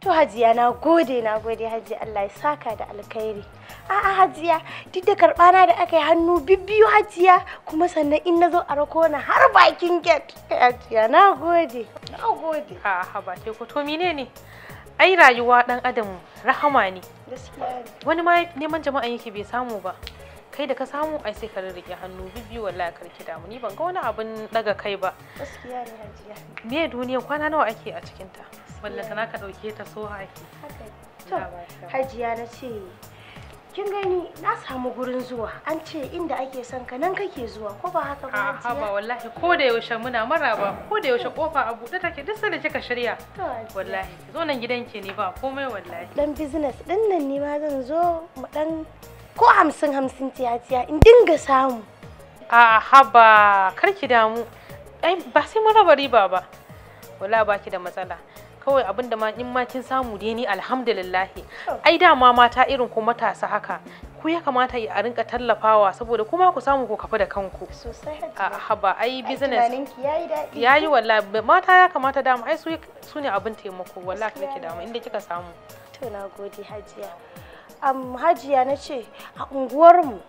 To Hajiya na gode na gode Hajiya Allah ya saka da alkhairi. A'a Hajiya duk da na da aka yi hannu bibbiyu Hajiya kuma sannan in na zo a rako na har bakin gate. Hajiya na gode. Na gode. A'a haba sai ko to mine ne? Ai rayuwa dan Adam rahama ne. Gaskiya. Wani ma neman jama'a yake bai samu ba. kai da ka samu ai sai ka rike hannu bibbiyu wallahi karki damu ni ban ga wani abin daga kai ba gaskiya ne hajiya me duniyar kwana nawa ake a cikin ta wanda sana ka ɗauke ta so haki to hajiya na ce kin gani na samu gurin zuwa an ce inda ake son ka nan kake zuwa ko ba haka ba hajiya ba wallahi ko da yaushe muna maraba ko da yaushe kofa a buɗe take duk sanda kika shirya wallahi zo nan gidanki ne ba komai wallahi dan business din nan ne ma zan zo mu dan ko hamsin hamsin tiya-tiya in dinga samu a haba karki damu ai ba sai mun raba riba ba wallahi ki da matsala kawai abin da in ma kin samu dai ni alhamdulillah oh. ai dama mata irin ku matasa haka ku ya kamata a rinka tallafawa saboda kuma ku samu ku kafa da kanku a haba ai business yayi wallahi mata ya kamata dama ai su ne abin taimako wallahi nake dama inda kika samu to na hajiya am hajiya nace a unguwarmu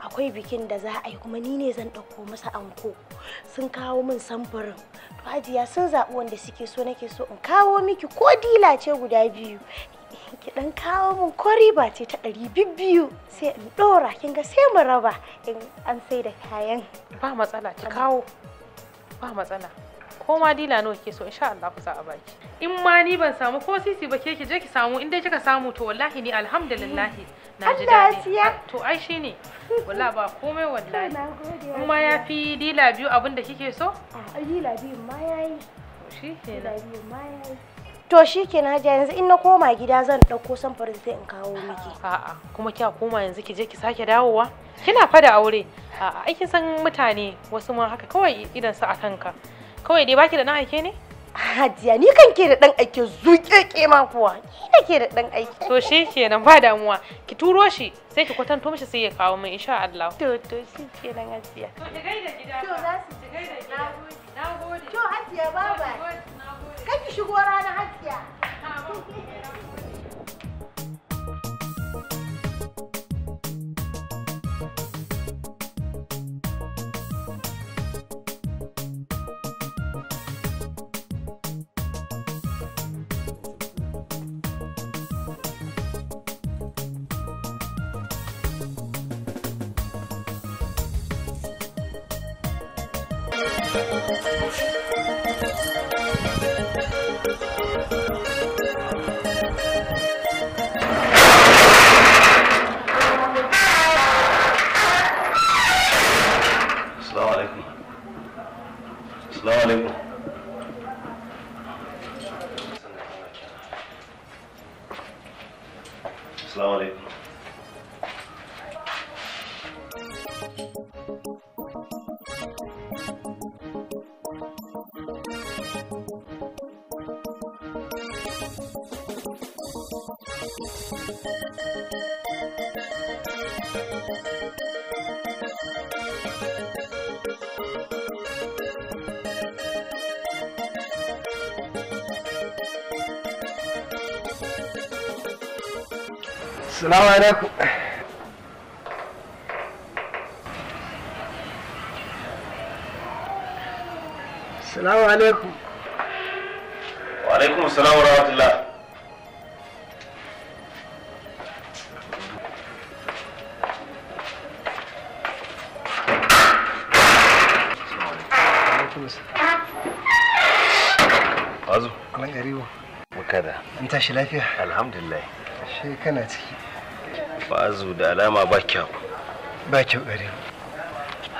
akwai bikin da za a yi kuma ni ne zan ɗauko masa anko sun kawo min samfurin to hajiya sun zaɓi wanda suke so nake so in kawo miki ko dila ce guda biyu ki dan kawo min ko riba ce ta ɗari biyu sai in ɗora kin ga sai mu raba in an sai da kayan ba matsala ki kawo ba matsala ko ma dila nawa ke so insha Allah ku za a baki in ma ni ban samu ko sisi ba ke ki je ki samu in dai kika samu to wallahi ni alhamdulillah na ji daɗi to ai shine wallahi ba komai wallahi in ma ya fi dila biyu abin da kike so a dila biyu ma yayi shi kenan To shi ke na yanzu in na koma gida zan ɗauko samfarin sai in kawo miki. A'a kuma kya koma yanzu ki je ki sake dawowa? Kina fada aure. A'a aikin san mutane wasu ma haka kawai idan su a kanka. Kawai dai baki da ɗan aike ne? Hajiya ni kan ke da ɗan aike zuƙeƙe ma kuwa. Ni ke da ɗan aike. To shi kenan ba damuwa. Ki turo shi sai ki kwatanto mishi sai ya kawo min insha Allah. To to shi kenan Hajiya. To ki gaida gida. To za su ki gaida gida. Na gode. To Hajiya baba. Nagode. Kar ki shigo rana Hajiya. Ha ba. ذلك السلام عليكم السلام عليكم السلام عليكم وعليكم السلام ورحمة الله عزو الله يقريبه وكذا انت شلافيه الحمد لله شيء كانت ba'azu da alama ba kyau ba kyau gare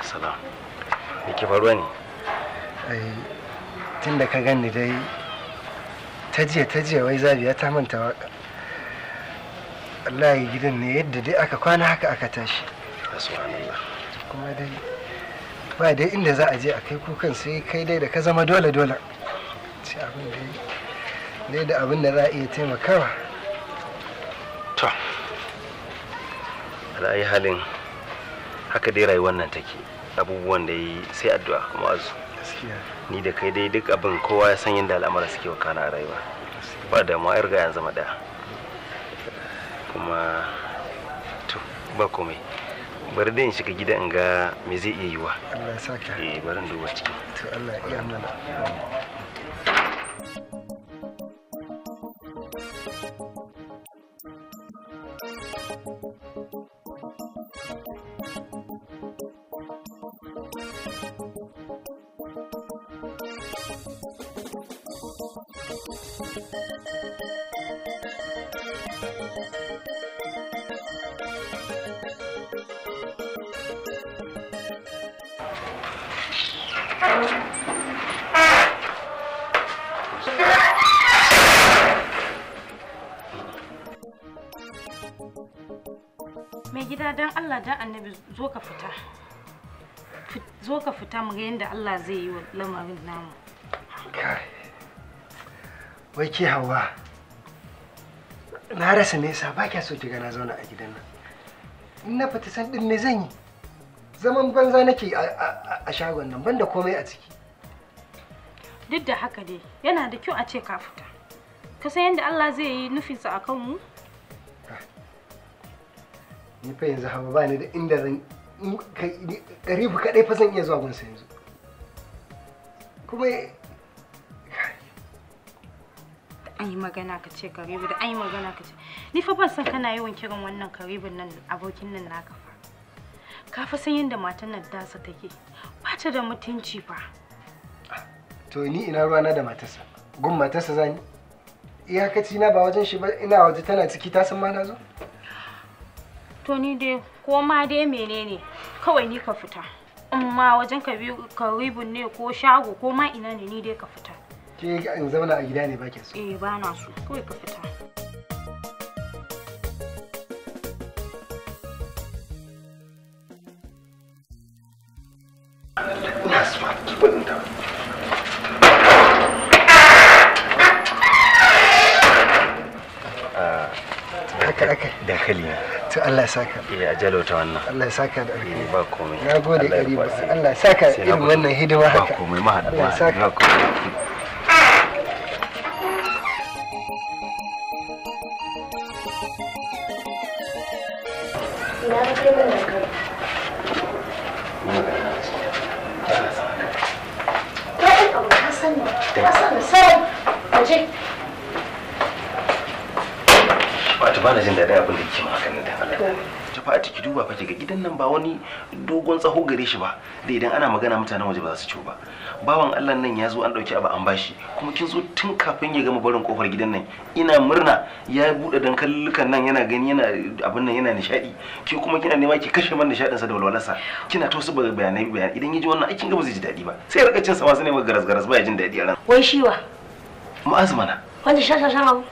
assalam me ke faruwa ne ai tunda ka gani dai ta jiya ta jiya wai zabiya ta manta waka wallahi gidan ne yadda dai aka kwana haka aka tashi kuma dai ba dai inda za a je a kai kukan sai kai dai da ka zama dole dole sai abin dai dai da abin da za a iya taimakawa ala'ayi halin haka dai rayuwar nan take abubuwan da yi sai addu'a azu ni da kai dai duk abin kowa ya san yadda al'amura suke wakana a rayuwa ba da ma yarga ya zama daya kuma to ba komai bari dai in shiga gida in ga me zai iya yiwa Allah ya saka eh duba ciki to Allah ya iya mana mai gida don allah don annabi zo ka fita zo ka fita mu ga yadda allah zai yi wa lamarin namu wai ke hawa na rasa nesa ba kya so ki na zauna a gidan nan in na fita san din ne zan yi zaman banza nake a shagon nan banda komai a ciki duk da haka dai yana da kyau a ce ka fita ka san yadda Allah zai yi nufinsa akan mu ah. ni fa yanzu hawa ba ni da inda zan karibu kadai fa zan iya zuwa gunsa yanzu kuma an yi magana ka ce karibu da an yi magana ka ce ni fa ban san kana yawan kiran wannan karibun nan abokin nan naka fa ka fa san yadda matan nan dasa take ba ta da mutunci fa to ni ina ruwa na da matarsa gun matarsa zani iyakaci na ba wajen shi ba ina waje tana ciki ta san ma na zo to ni dai ko ma dai menene kawai ni ka fita amma wajen ka biyu ne ko shago ko ma ina ne ni dai ka fita ke ga in zauna a gida ne ba ke so eh ba na so kawai ka fita ta ah, to Allah ya saka eh a jalota wannan Allah ya saka da alheri eh, ba komai nagode gari ba Allah ya saka irin wannan hidima haka ba komai ma hada ba komai gidan nan ba wani dogon tsaho gare shi ba da idan ana magana mutanen waje ba za su ciwo ba bawan Allah nan ya zo an dauki abu an bashi kuma kin zo tun kafin ya gama barin kofar gidan nan ina murna ya bude dankallukan nan yana gani yana abin nan yana nishadi ke kuma kina nema ki kashe man nishadin sa da walwalarsa kina to su bayanai bayanai idan ya ji wannan aikin ga ba zai ji daɗi ba sai rika cin sa ma sai garas garas ba ya jin daɗi a ran wai shi wa. shiwa mu'azmana wanda sha abu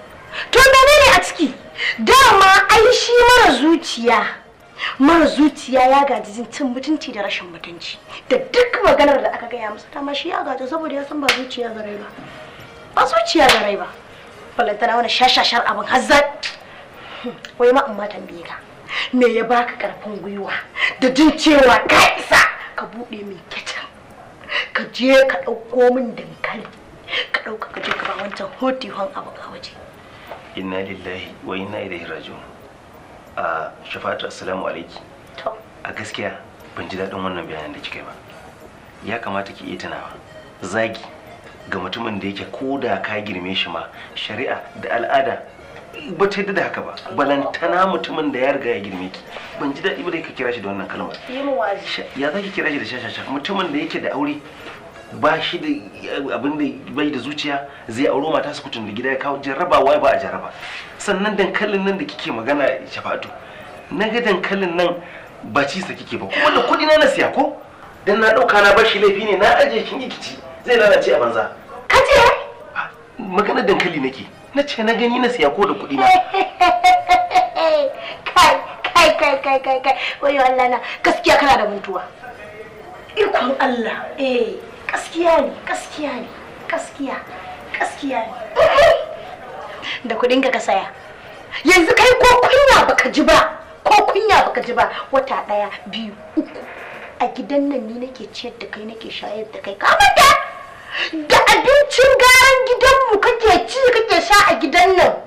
to menene a ciki dama ai shi mara zuciya mara zuciya ya gaji cin mutunci da rashin mutunci da duk maganar da aka gaya masa dama shi ya gaji saboda ya san ba zuciya ga rai ba ba zuciya ga rai ba balantana wani shashashar abin hazzar hmm, wai ma amma tambaye ka me ya baka karfin gwiwa da jin cewa ka isa ka bude min kicin ka je ka dauko min dankali ka dauka ka je ka ba wancan hoti hon abu a waje inna lillahi wa inna ilaihi raji'un a shafatu assalamu alaiki a gaskiya ban ji daɗin wannan bayanin da kika ba ya kamata ki iya tunawa zagi ga mutumin da yake ko da ka girme shi ma shari'a da al'ada ba ta yadda da haka ba balantana mutumin da ya riga ya girme ki ban ji daɗi ba da ka kira shi da wannan kalmar ya za ki kira shi da shashasha mutumin da yake da aure ba shi da abin da bai da zuciya zai auro mata su kutun da gida ya kawo wai ba a jarraba sannan dankalin nan da kike magana shafatu na ga dankalin nan ba ci sa kike ba kuma da kudi na na siya ko dan na dauka na bashi laifi ne na aje kin kici zai lalace a banza ka ce ah, magana dankali nake na ce na gani na siya ko da kudi na kai kai kai kai kai kai wayo Allah na gaskiya kana da mutuwa ikon Allah eh gaskiya ne gaskiya ne gaskiya gaskiya ne da kuɗin ka saya yanzu kai ko kunya baka ji ba ko kunya baka ji ba wata ɗaya biyu uku a gidan nan ni nake ciyar da kai nake shayar da kai ka manta da abincin garan gidanmu kake ci kake sha a gidan nan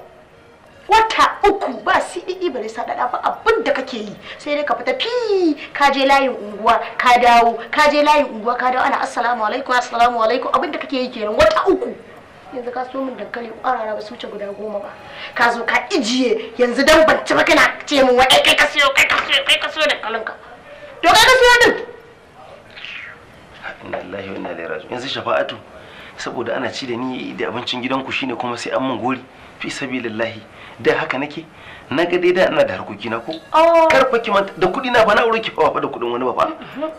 wata uku ba siɗiɗi e e bare saɗaɗa ba abin da kake yi sai dai ka fita fi ka je layin unguwa ka dawo ka je layin unguwa ka dawo ana assalamu alaikum assalamu alaikum abin da kake yi kenan wata uku yanzu ka so min dankali kwarara ba su wuce guda goma ba ka zo ka ijiye yanzu dan ban ci ba kana ce min wai kai ka siyo kai ka siyo kai ka siyo dankalin ka to kai ka siyo din inna lillahi wa inna ilaihi raji'un yanzu shafa'atu saboda ana ci da ni da abincin gidanku shine kuma sai an mun gori fi sabilillahi da haka nake na ga dai da ina da harkoki na ko ah. kar fa ki da kuɗi na ba na aure ki fa da kuɗin wani ba fa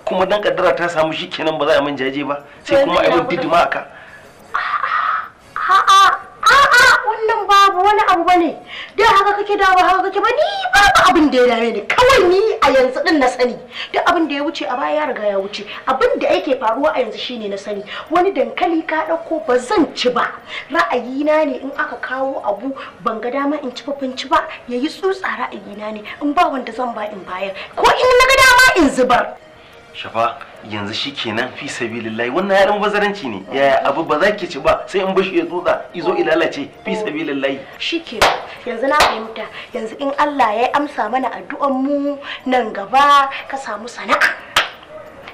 kuma dan kaddara ta samu shi kenan ba za a min jaje ba sai kuma ai mun didima aka a'a ah, ah, wannan babu wani abu bane da haka kake da ba haka kake ba ni babu abin da ya dame ni kawai ni a yanzu din na sani duk abin da ya wuce a baya ya riga ya wuce abin da yake faruwa a yanzu shine na sani wani dankali ka dauko ba zan ci ba na ne in aka kawo abu ban ga dama in ci ban ci ba yayi tsutsa ra'ayi na ne in ba wanda zan ba in bayar ko in na ga dama in zubar shafa yanzu shi kenan fi sabilillahi wannan yaran bazaranci ne ya abu ba za ki ci ba sai in bashi ya tsotsa izo ilalace fi sabilillahi shi kenan yanzu na fahimta yanzu in Allah ya amsa mana addu'an mu nan gaba ka samu sana'a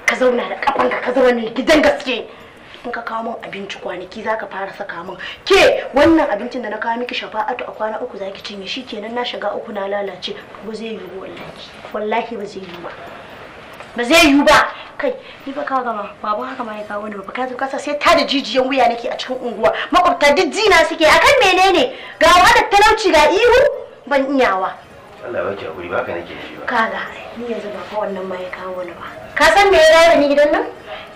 ka zauna da kafanka ka zama mai gidan gaske in ka kawo min abinci kwanaki zaka fara saka min ke wannan abincin da na kawo miki shafa'atu a kwana uku zaki cinye shi kenan na shiga uku na lalace ba zai yiwu wallahi wallahi ba zai yiwu ba ba zai yiwu ba kai ni ba kawo gama babu haka ma ya kawo ni ba ka kasa sai ta da jijiyan wuya nake a cikin unguwa makwabta duk jina suke akan menene ga wadda talauci ga ihu ban iyawa Allah ya kiyaye hakuri ba nake shi ba kaga ni yanzu ba ka wannan ma ya kawo ni ba ka san me ya rawa ni gidan nan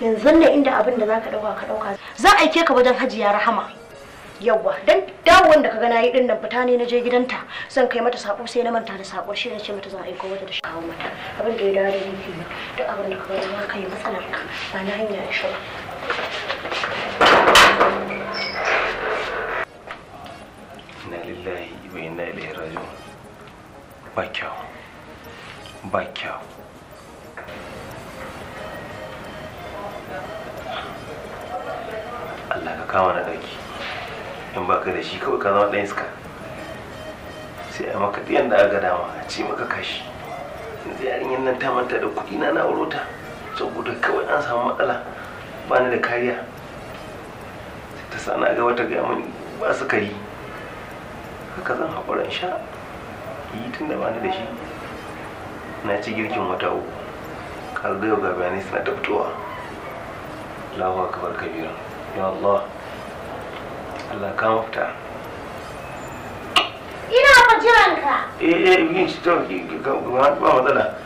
yanzu ne inda abin da zaka dauka ka dauka za a aike ka wajen Hajiya Rahama Yauwa, dan dawon da kaga nayi din nan fita ne na je gidanta zan kai mata sako sai na manta da sako shi ce mata zan aika wata da shi kawo mata abin da ya dawo da ni duk abin da kaga ma kai matsalar ka ba na hanya da shi ba na lillahi wa inna ilaihi raji'un ba kyau ba kyau Allah ka kawo na ɗauki in baka da shi kawai ka zama ɗan iska sai a maka ɗiyan da aka dama a ce maka kashi yanzu yarinyar nan ta manta da kuɗi na na wurota saboda kawai an samu matsala ba ni da kariya ta sa na ga wata gaya mani ba su kari haka zan haƙura sha yi tun da ba da shi na ci girkin wata uku kaga yau ga bayanai suna ta fitowa Allahu akbar kabira ya Allah Allah ka mafita ina fa jiran ka eh eh yin shi to ba matsala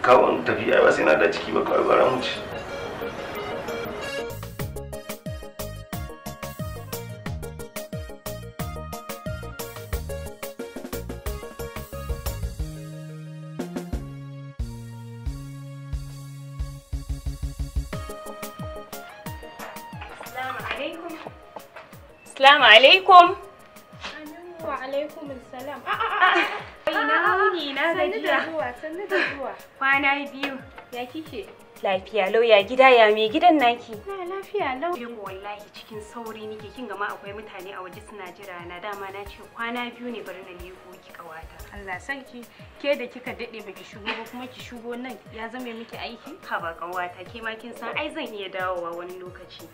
ka tafi ai ba sai na da ciki ba kawai bara mu ci Assalamu alaikum. Wa alaikum salam. Ah, ah, ah, na Kwana biyu. Ya kike? Lafiya lau ya gida ya mai gidan naki? Na lafiya lau. Yin wallahi cikin sauri nike kin gama akwai mutane a waje suna jira na dama na ce kwana biyu ne bari na leko ki kawata. Allah sarki ke da kika daɗe baki shigo ba kuma ki shigo nan ya zame miki aiki? Ka ba kawata ke ma kin san ai zan iya dawowa wani lokaci.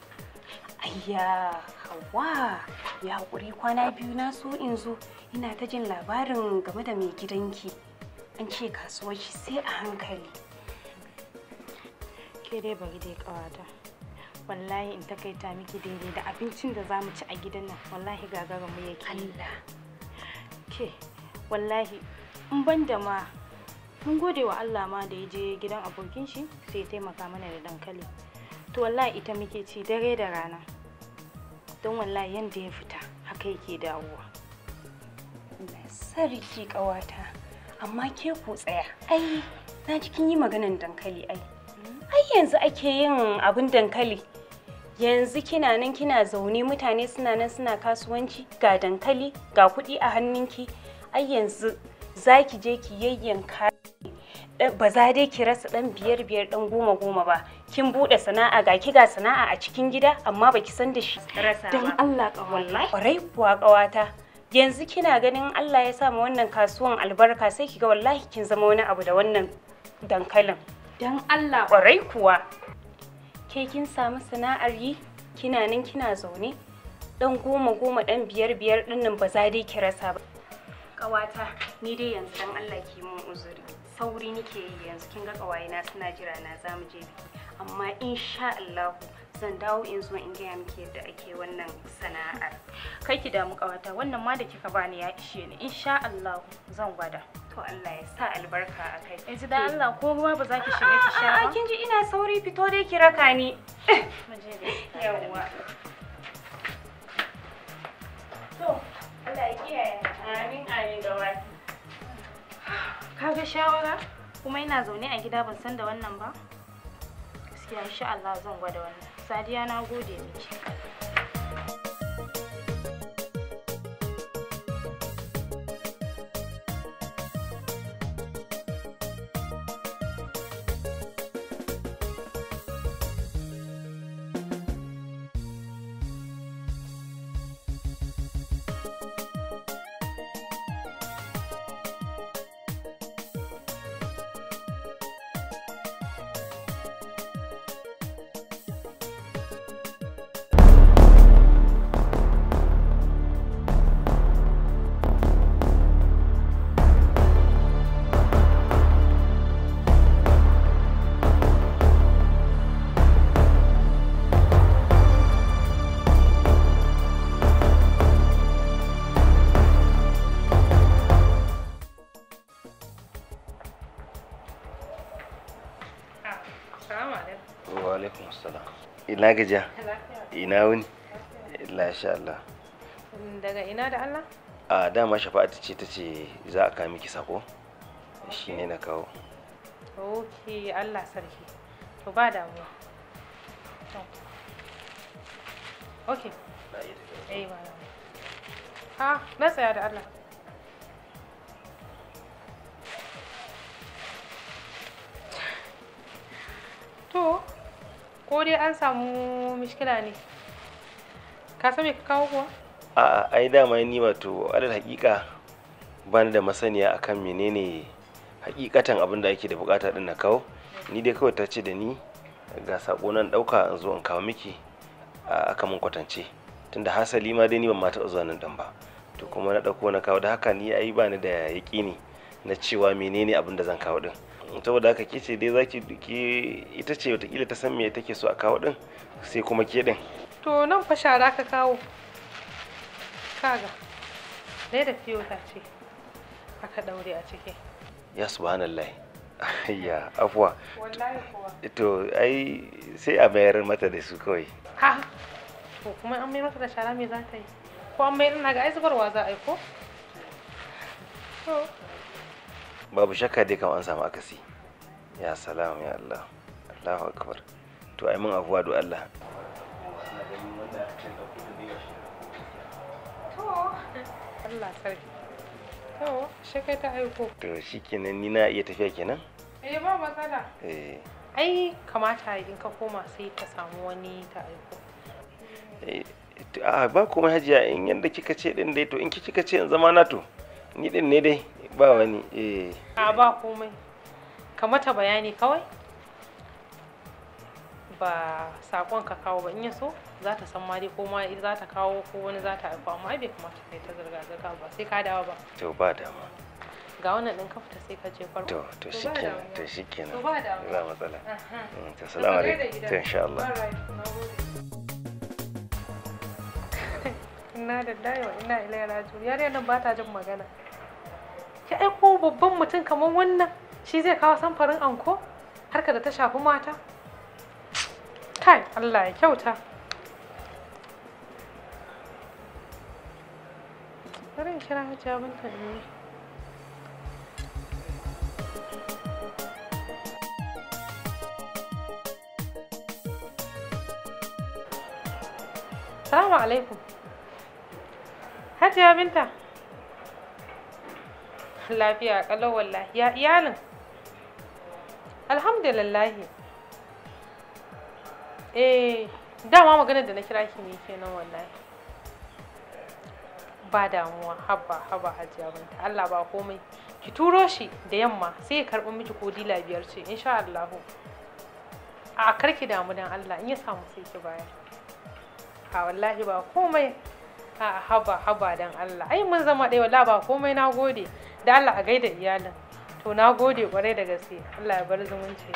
Ayya, hawa, ya haƙuri kwana biyu na so in zo ina ta jin labarin game da mai gidanki. An ce kasuwar shi sai a hankali. Ke dai bari dai ƙawata. Wallahi in takaita miki daidai da abincin da za mu ci a gidan nan wallahi ya yake. Allah. Ke, wallahi in ban da ma mun gode wa Allah ma da ya je gidan abokin shi sai ya taimaka mana da dankali. to wallahi ita muke ci dare da rana don wallahi yanda ya fita haka yake dawowa sarki kawata amma ke ku tsaya ai na kin yi maganan dankali ai ai yanzu ake yin abin dankali yanzu kina nan kina zaune mutane suna nan suna kasuwanci ga dankali ga kuɗi a hannunki ai yanzu za ki je ki yayyanka Eh, ba za dai ki rasa dan biyar biyar dan goma goma ba kin bude sana'a ga ki ga sana'a a cikin gida amma ba ki san da shi dan Allah wallahi kwarai kuwa kawata yanzu kina ganin Allah ya sa ma wannan kasuwan albarka sai kiga wallahi kin zama wani abu da wannan dankalin dan Allah kwarai kuwa ke kin samu sana'ar yi kina nan kina zaune dan goma goma dan biyar biyar dinnan ba za dai ki rasa ba kawata ni dai yanzu dan Allah ki mun uzuri sauri nike yi yanzu kin ga kawaye na suna jira na za mu je biki amma insha Allah zan dawo in zo in gaya muke yadda ake wannan sana'ar kai ki damu kawata wannan ma da kika bani ya ishe ni insha Allah zan gwada to Allah ya sa albarka a kai yanzu da Allah ko ruwa ba za ki shiga ki sha ba kin ji ina sauri fito dai ki raka ni mu je yawa to Allah ya kiyaye amin amin kaga shawara? Kuma ina zaune a gida ban san da wannan ba? Gaskiya insha Allah zan gwada wannan. Sadiya na gode miki. na gajiya ina wuni lasha Allah daga ina da Allah a dama shafa'atu ce ta ce za a kawo miki sako shi ne na kawo ok Allah sarki to ba damuwa ok eh ba ah, na tsaya da Allah ko dai an samu mishkila ne ka san ka kawo kuwa a ai dama ni wato alal hakika ba ni da masaniya akan menene hakikatan abin da ake da bukata din na kawo ni dai kawai ta ce da ni ga sako nan dauka in zo in kawo miki a aka mun kwatance tunda hasali ma dai ni ban ma taɓa zuwa nan dan ba to kuma na ɗauko na kawo da haka ni ai ba ni da ne na cewa menene abin da zan kawo ɗin. saboda haka ke ce dai zaki ki ita ce watakila ta san me take so a kawo din sai kuma ke din to nan fa shara ka kawo kaga dai da ta ce aka daure a ciki ya subhanallah ya afuwa to ai sai a mayar mata da su kawai ha to kuma an mai mata da shara me za ta yi ko an mai ina ga ai zubarwa za a yi ko to babu shakka dai kamar an samu akasi ya salam ya Allah Allahu akbar to ai mun afuwa do Allah Allah sarki to shakai ta aiko to shikenan ni na iya tafiya kenan eh ba matsala eh ai kamata in ka koma sai ka samu wani ta aiko eh a ba komai hajiya in yanda kika ce din dai to in kika ce in zama na to ni din ne dai ba wani eh a ba komai ka mata bayani kawai ba sakon ka kawo ba in yaso za ta san ma dai ko ma za ta kawo ko wani za ta aiko amma bai kamata kai ta zirga zirga ba sai ka dawo ba to ba dama ga wannan din ka fita sai ka je farko to to shikenan to shikenan ba ba matsala mm, to salamu alaikum to insha Allah inna lillahi wa inna ilaihi raji'un yariyar nan ba ta jin magana ki aiko babban mutum kamar wannan shi zai kawo samfarin anko harka da ta shafi mata kai Allah ya kyauta bari in kira hajiya binta ne Assalamu alaikum. Hajiya Binta. Lafiya kalau wallahi ya iyalin. Alhamdulillah. Eh, dama maganar da na kira ki ne kenan wallahi. Ba damuwa, haba haba Hajiya Binta. Allah ba komai. Ki turo shi da yamma sai ya karɓi miki ko dila biyar ce insha Allah. A karki damu dan Allah in ya samu sai ki bayar. A wallahi ba komai a haba haba dan Allah ai mun zama ɗaya wala ba komai na gode da Allah a gaida iyalin to na gode kwarai da gaske Allah ya bar zumunci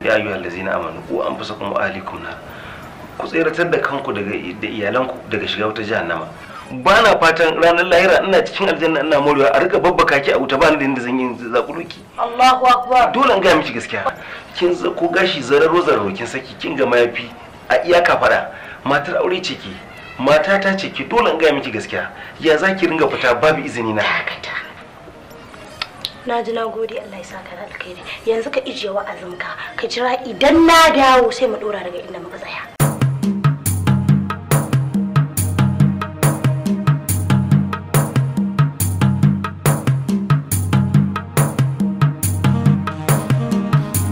ya yi ayyuha zina amanu ku fasa kuma ahlikum na. ku tseratar da kanku daga iyalanku daga shiga wata jahannama ba na fatan ranar lahira ina cikin aljanna ina morewa a rika babba kaki a wuta ba ni da inda zan yi zakulu ki Allahu akbar dole in ga miki gaskiya kin ko gashi zararo zararo kin saki kin ga mayafi a iyaka fada matar aure ce ki mata ta ce ki dole in ga miki gaskiya ya zaki ringa fita babu izini na na ji na gode Allah ya saka da alkhairi yanzu ka ijiye wa'azinka ka jira idan na dawo sai mu dora daga inda muka tsaya